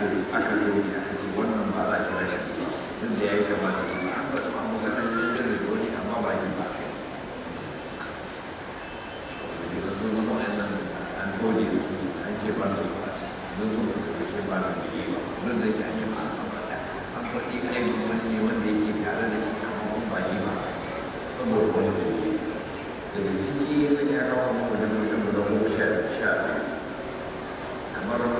aka yi aka doge aka ce wannan ba za ki rashin ba duk da ya yi kama da juna an faɗi ma muka ɗan dangane da wani amma ba ni ba kai to da sun zama wannan an doge da su an ce ba da su a ce don su ba ce ba da kuɗi ba don da ke an yi ma an faɗa an wani ne wanda yake tare da shi amma ba ni ba saboda wani daga ciki ya kawo mutum da mu sha kamar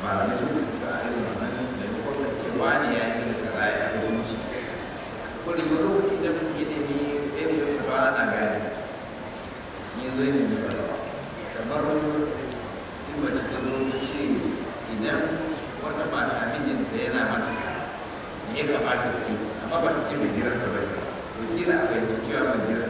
malamai sun da ta wannan da cewa ne ya yi da ya yi shi ko da yau lokaci idan mutum ya nemi ya ana gane ni zo ya nemi kaza kamar in ta zo ta ce idan wata mata mijinta yana mata ne kamata ta yi amma ba ta ce mai ta ba a fahimci cewa mai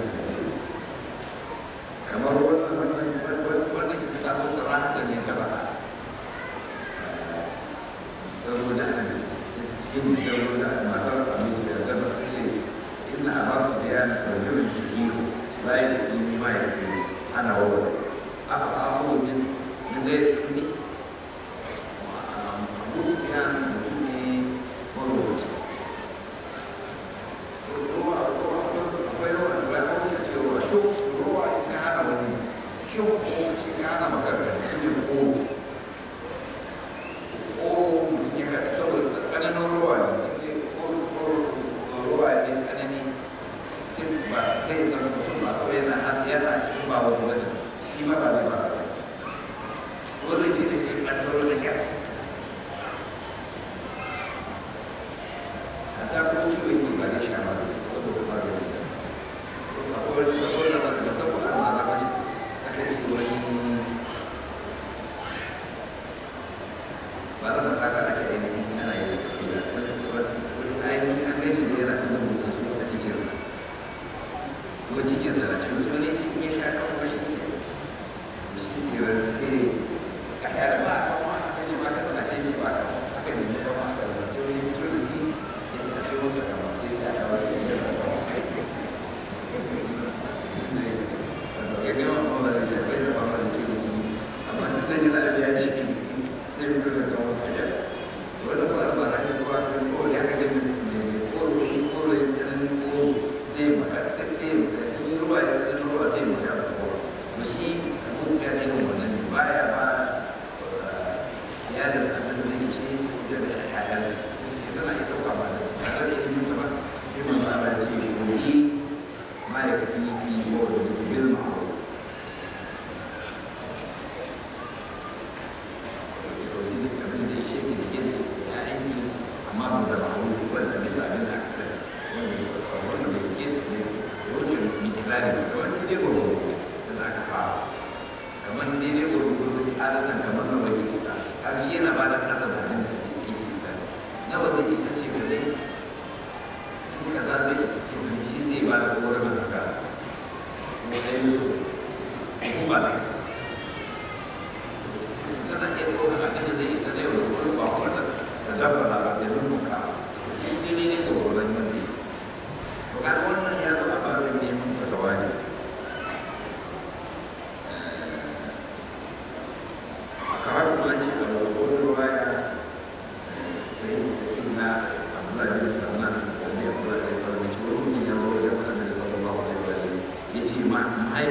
university, lot.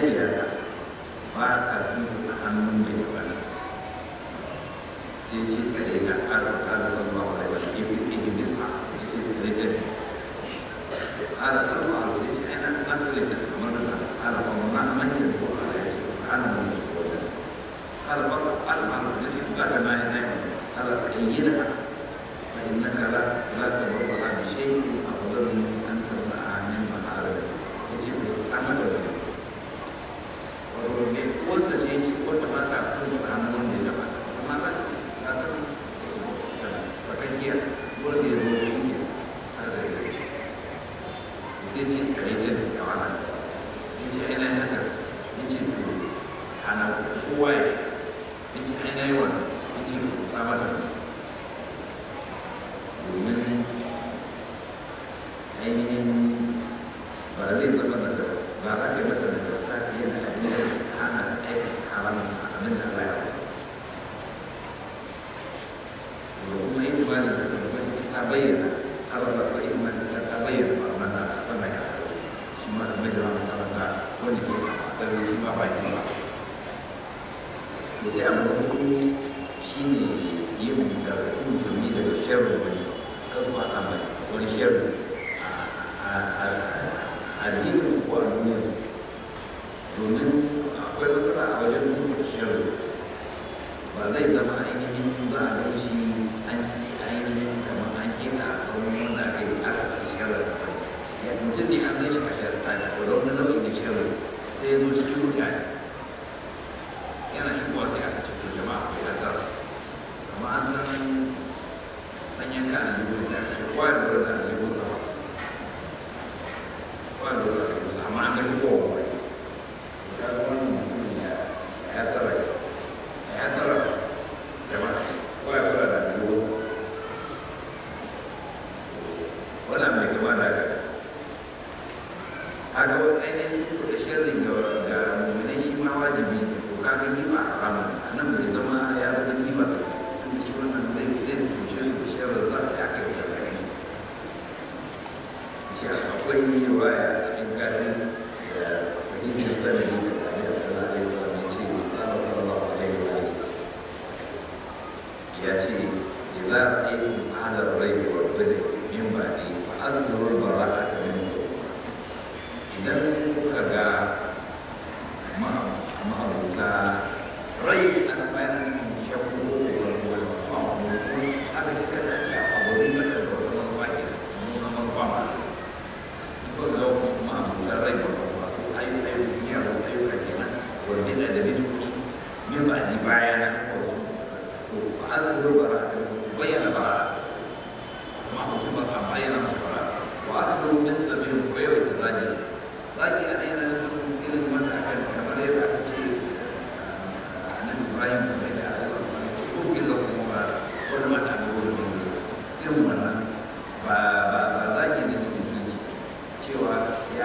yaya ba ta tun a hannun da ya bani sai ce tsare ga arzikar son ba wa da ibi ibi bisa ya ce tsare ta ne arzikar ba wa sai ce ai nan an tsare ta da mun da arzikar ba ma an yi ko a ya ce ba an yi shi ko ta ce arzikar ba arzikar da ce duka da ma ya ne arzikar yi da ba in na kara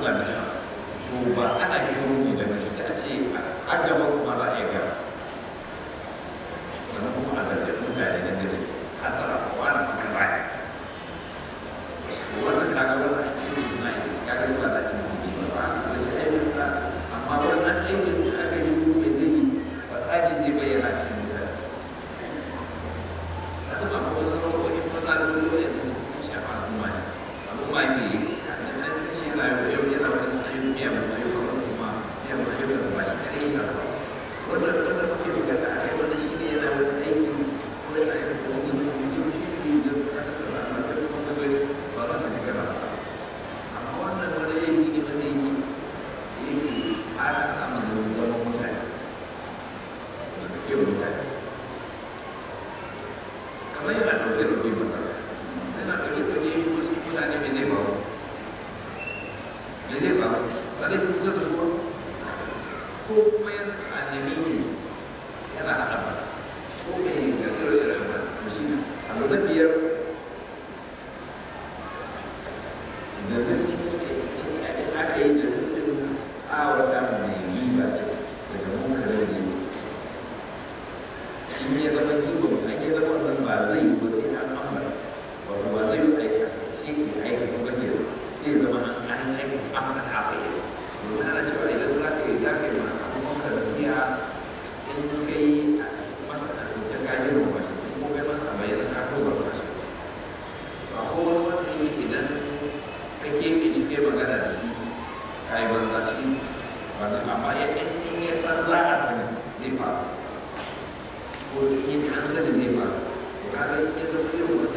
da ba ana shiru ne da mace a ce a gaban ma za a iya keke shi ke magana da shi ka yi banza shi ba amma ya in ya san za a sani zai fasa ko in ya ji an sani zai fasa ya zama irin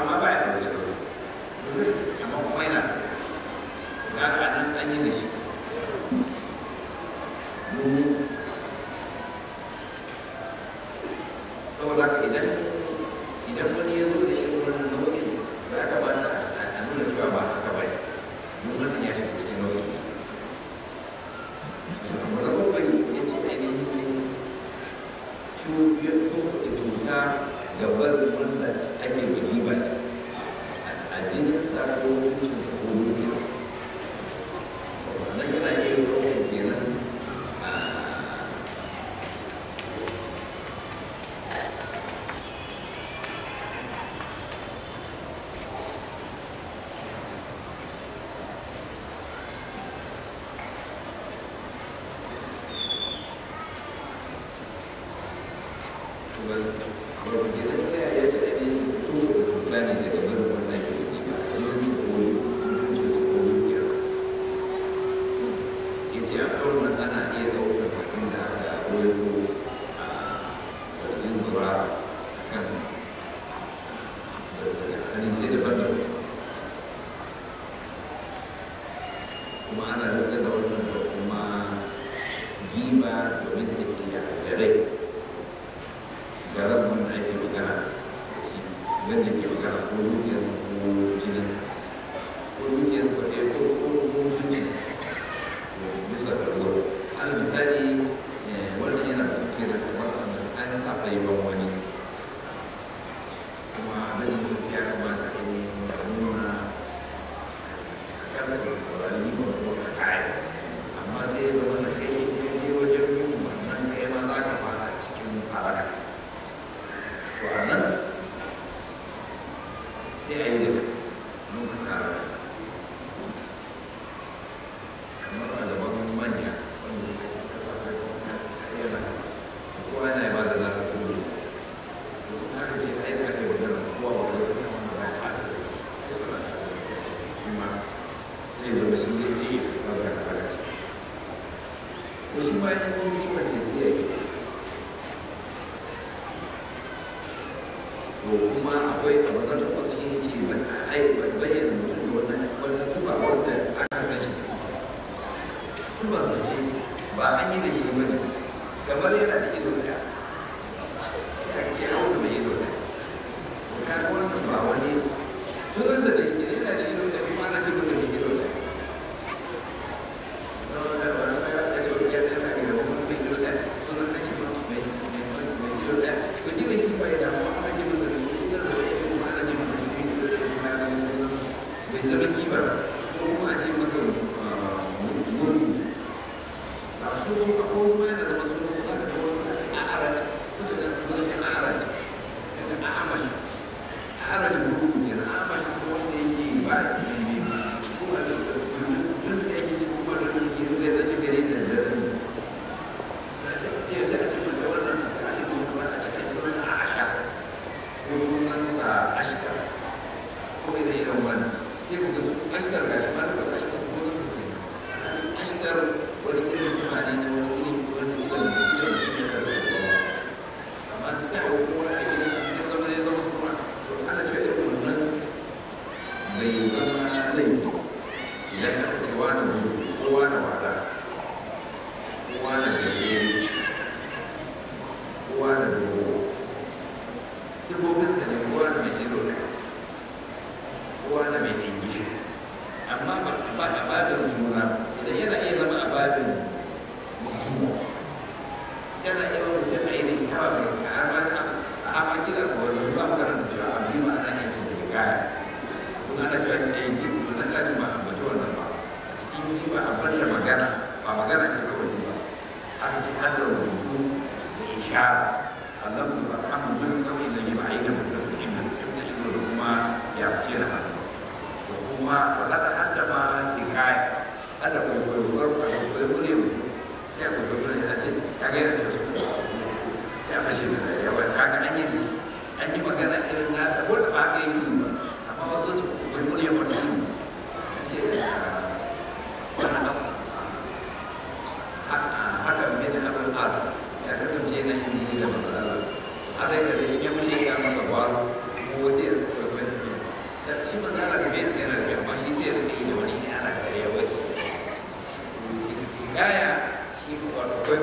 Guanabara.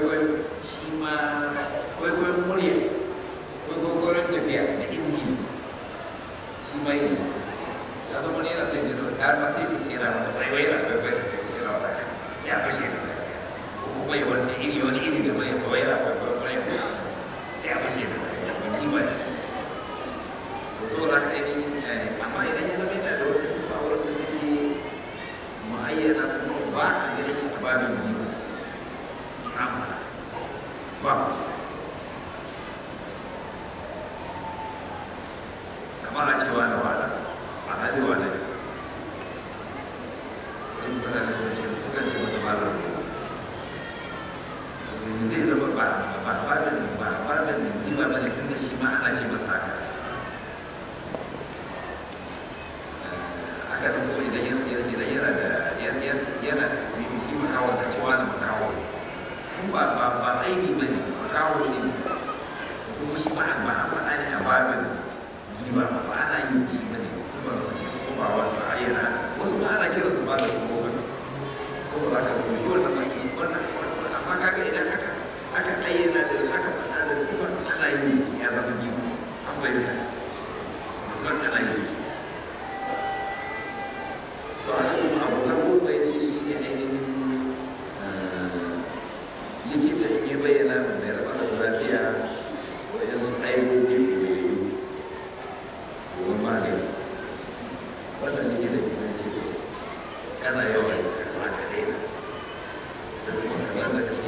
gwargwaron shi ma gwargwaron murya gwargwaron tafiya da iski shi ma yi ya zama ne yana sai jin wasu har ma sai fita yana wani waiwai na gwargwaron tafiya sai yana wani sai a fashe da ko kuma yi wani iri wani iri da mai tsawaira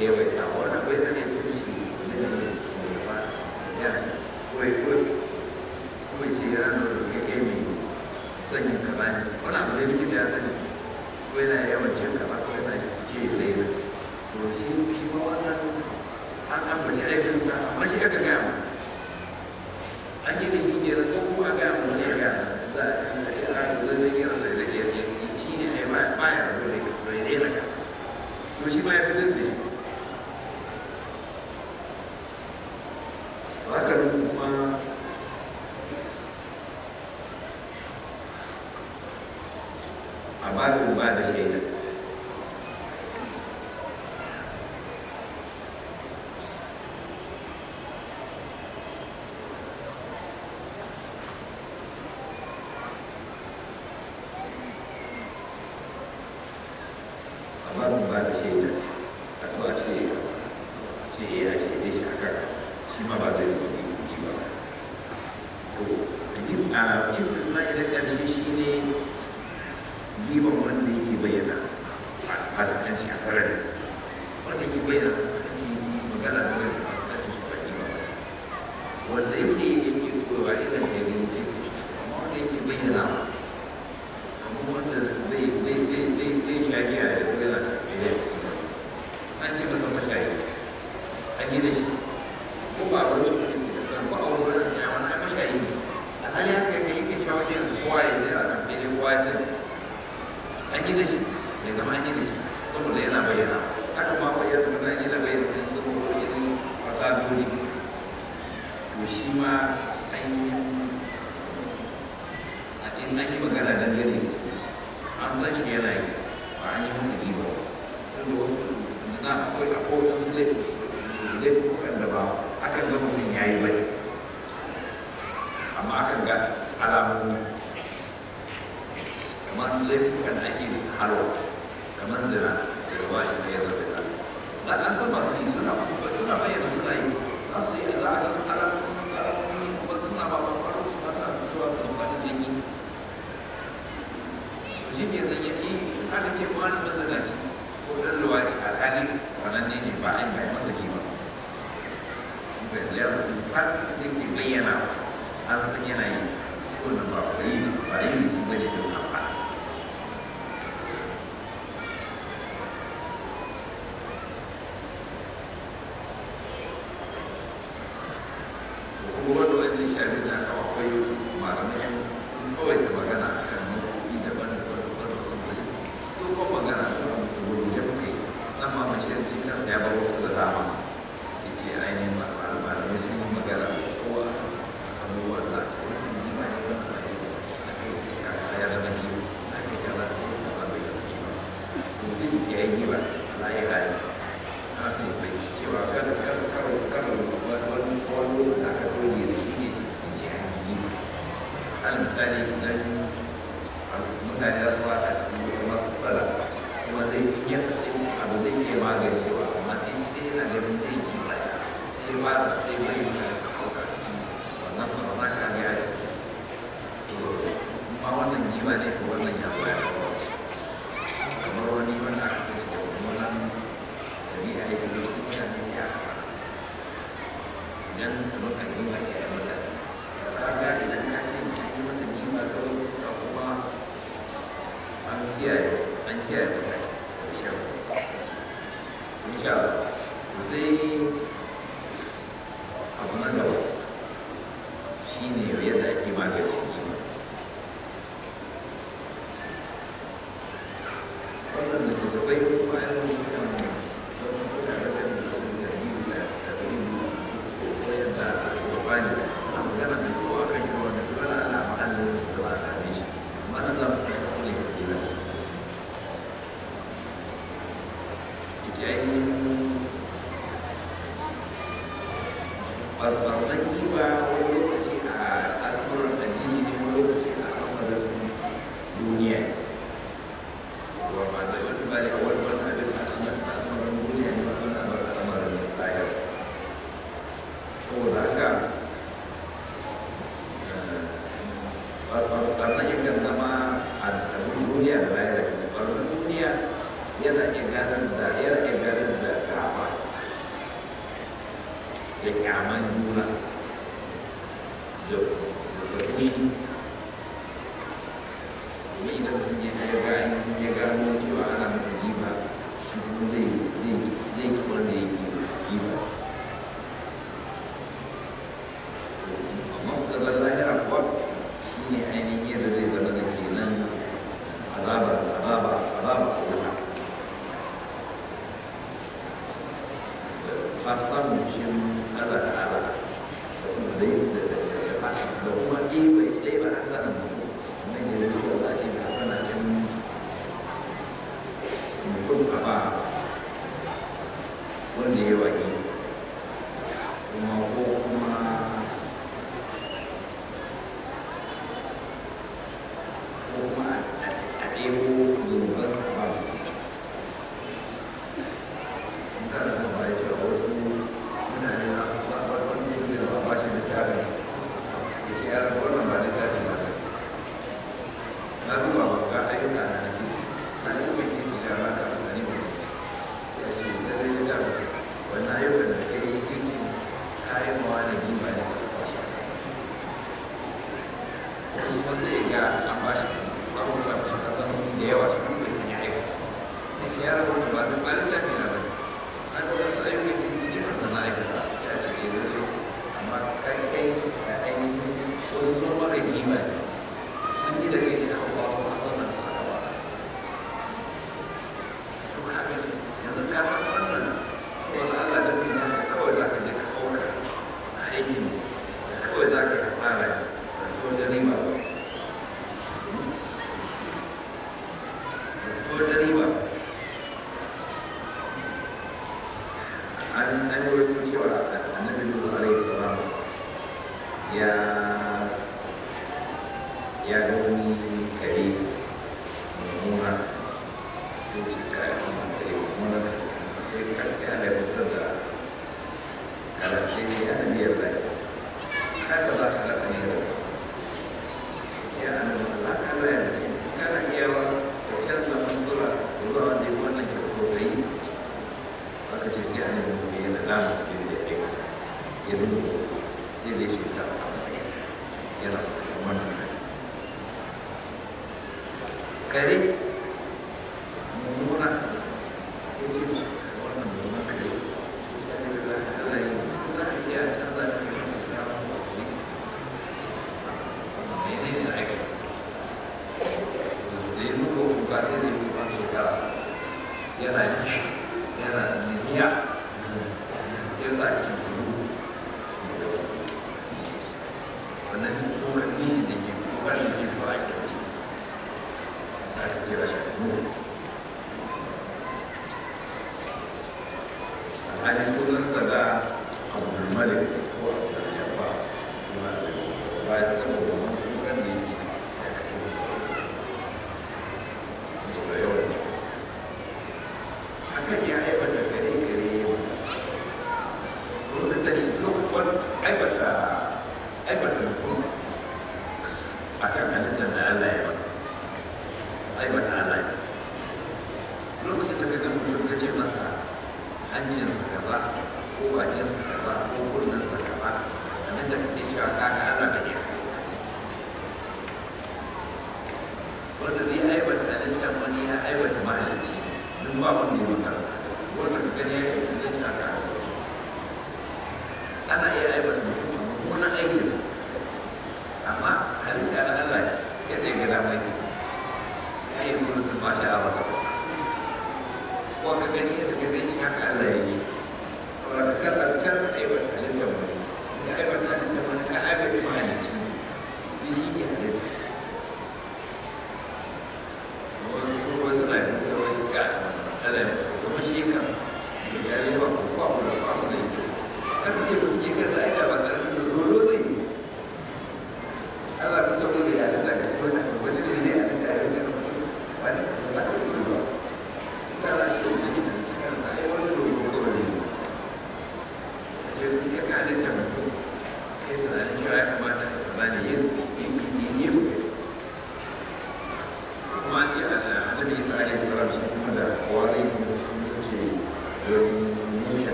thì về cháu đặc biệt là nên chú sĩ nên là người bạn nha vui vui vui chỉ là nó cái cái mình xây dựng cả bạn có làm lên cái cái xây dựng quê này em mình chuyển cả bạn quê này chỉ để rồi xin xin có ăn ăn ăn của trẻ em lên sao mà chị em được ya zama an yi saboda yana bayyana haka ma bayyana na yana bayyana ne saboda irin fasaloli to shi ma an yi a ɗin an magana da su an san shi yana yi ba an yi masa giba tunda wasu na akwai akwai wasu laifukan da ba akan ga mutum ya yi bane amma akan ga alamomi kamar laifukan da ake bisa halwa kamar zina da ruwa in ya zo zina da an san masu yi suna ba suna bayyana suna yi za su yi za a ga su karar karamomi kuma suna ba kwakwaro su masa fitowa su ba da zan yi shi ne zan yi aka ce ma wani mazanaci ko ɗan ruwa ne alhali sananne ne ba a yi mai masa ne ba ya fasa da ke bayyana an san yana yi su wannan ba ba yi ba yi ne sun gaji da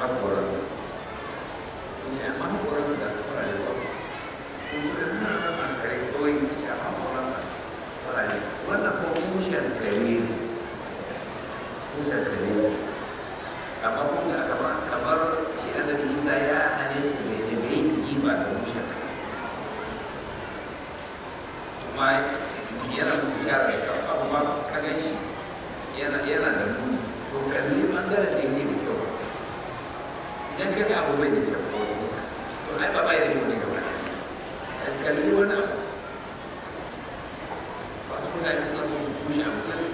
haƙoransa sun ce amma haƙoransa da su fara ne ba sun suka nuna nan an kare kawai sun ce amma haƙoransa fara ne wannan ko kushiyar kare ne kushiyar kare ne amma kuma kamar kamar shi annabi isa ya hane shi ne daga yin giba da kushiyar amma yana musu shara da shi amma kaga shi yana da muni to kalli ɓangaren da idan ka ga abu bai da kyau a wani fuska to ai ba bai yi kyau ne gaba ɗaya kalli wani abu wasu mutane suna son su kushe abu sai su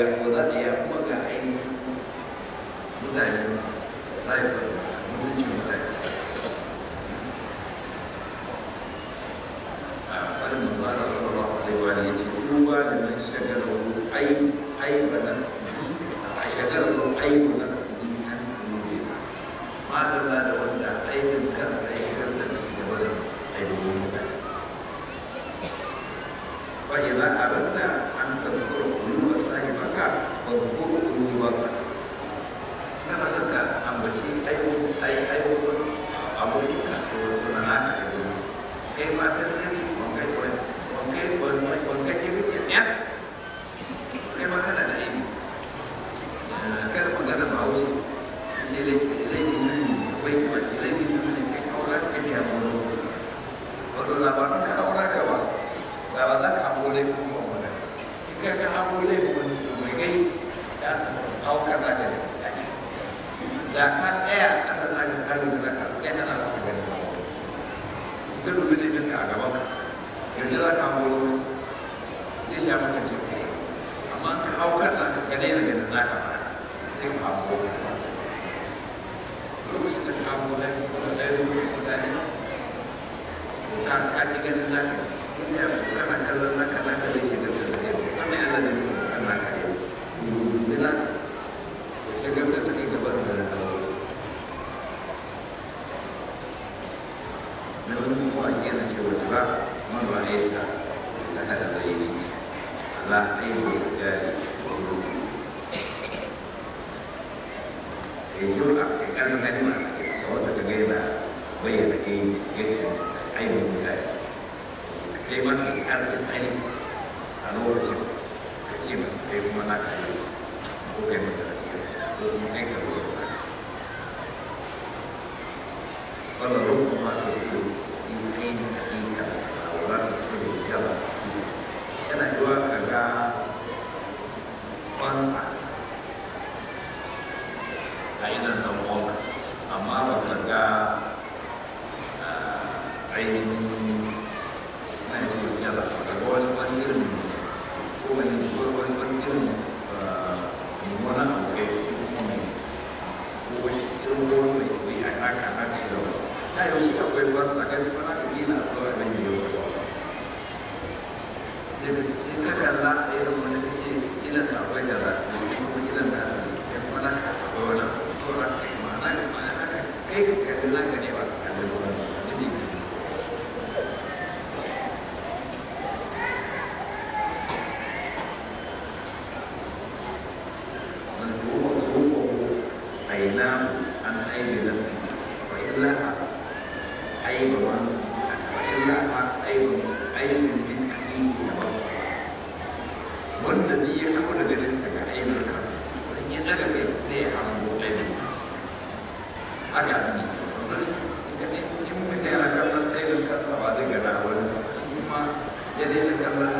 Biar mudah dia mengenai Mudah Latih menjadi guru Itu akan memang Kau terkena Bayar lagi Itu Ayo menjadi Keman arti ini A lokacin Ka ce masa kai dele, é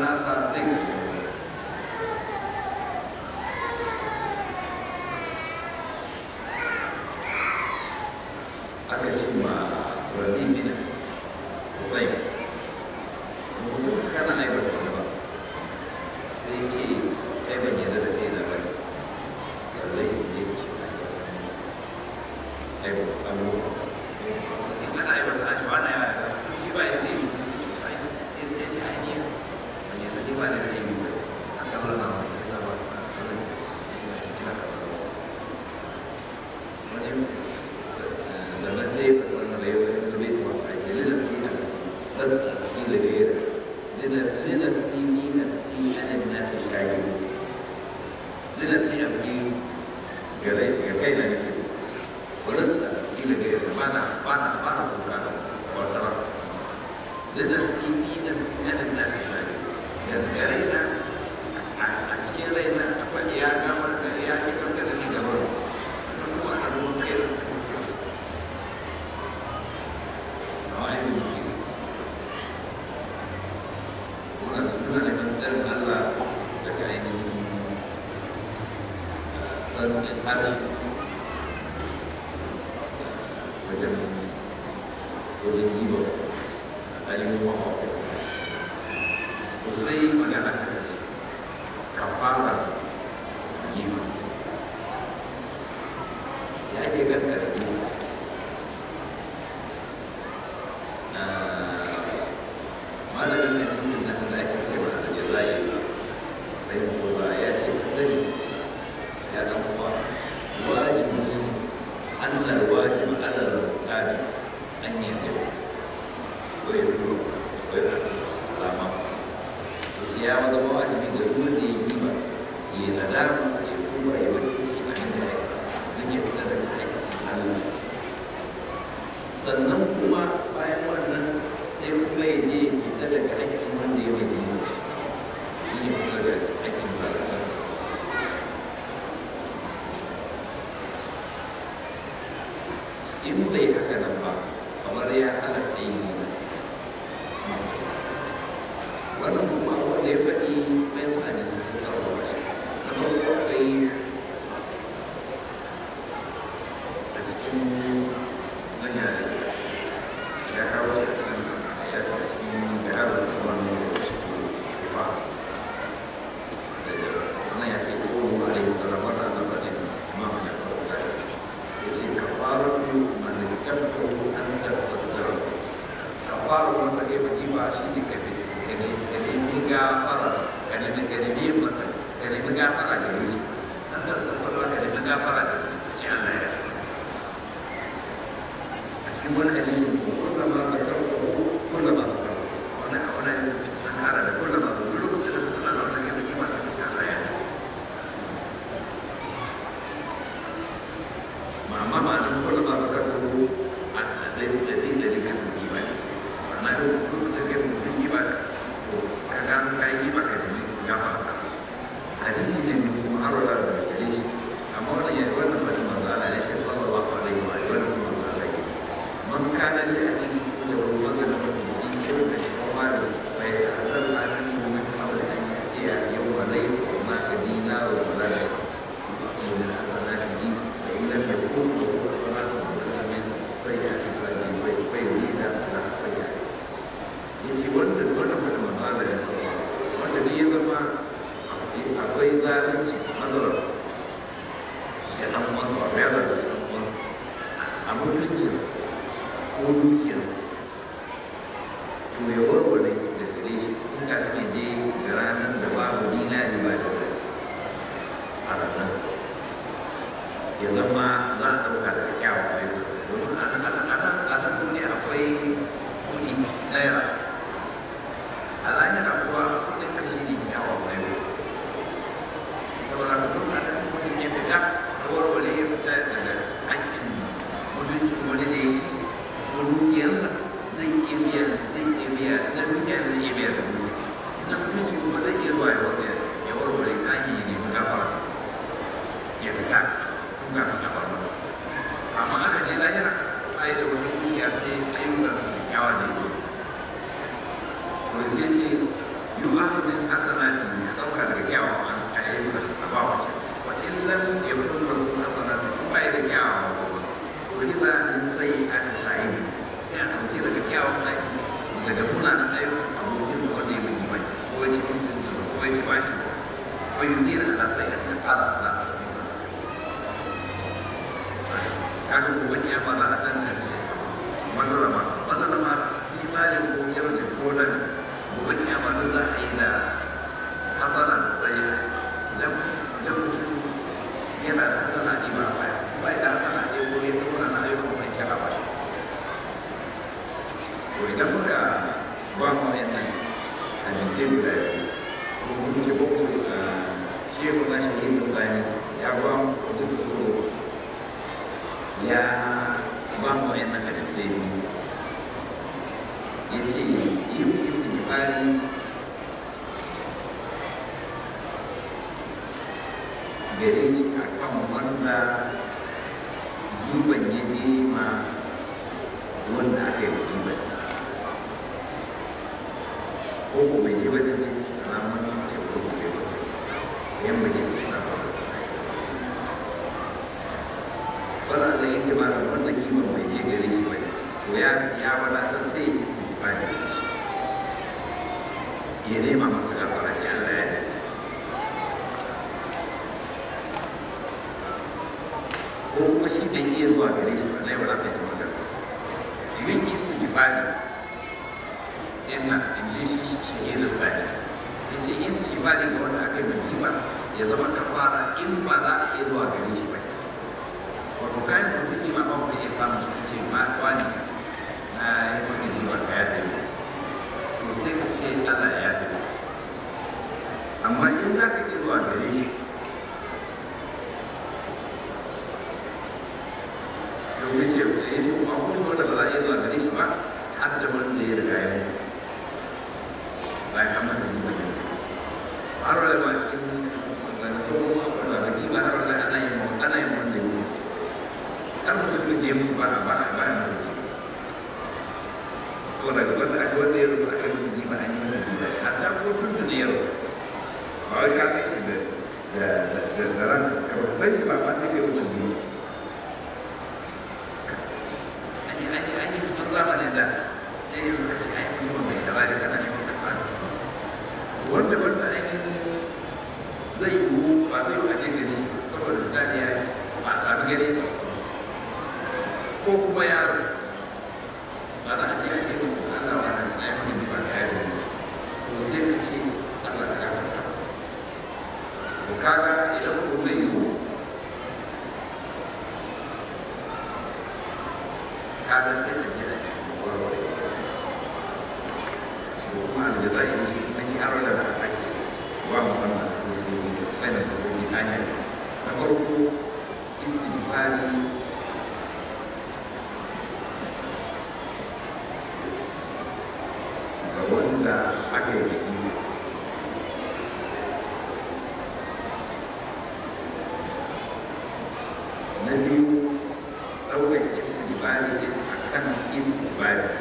kind of thinking about the Islam ce ma wani na yi wani yiwuwar ka ya yi to sai ka ce ya yadda masa amma in za ka ki zuwa gare value, always is the value, it's not the value.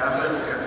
Catholic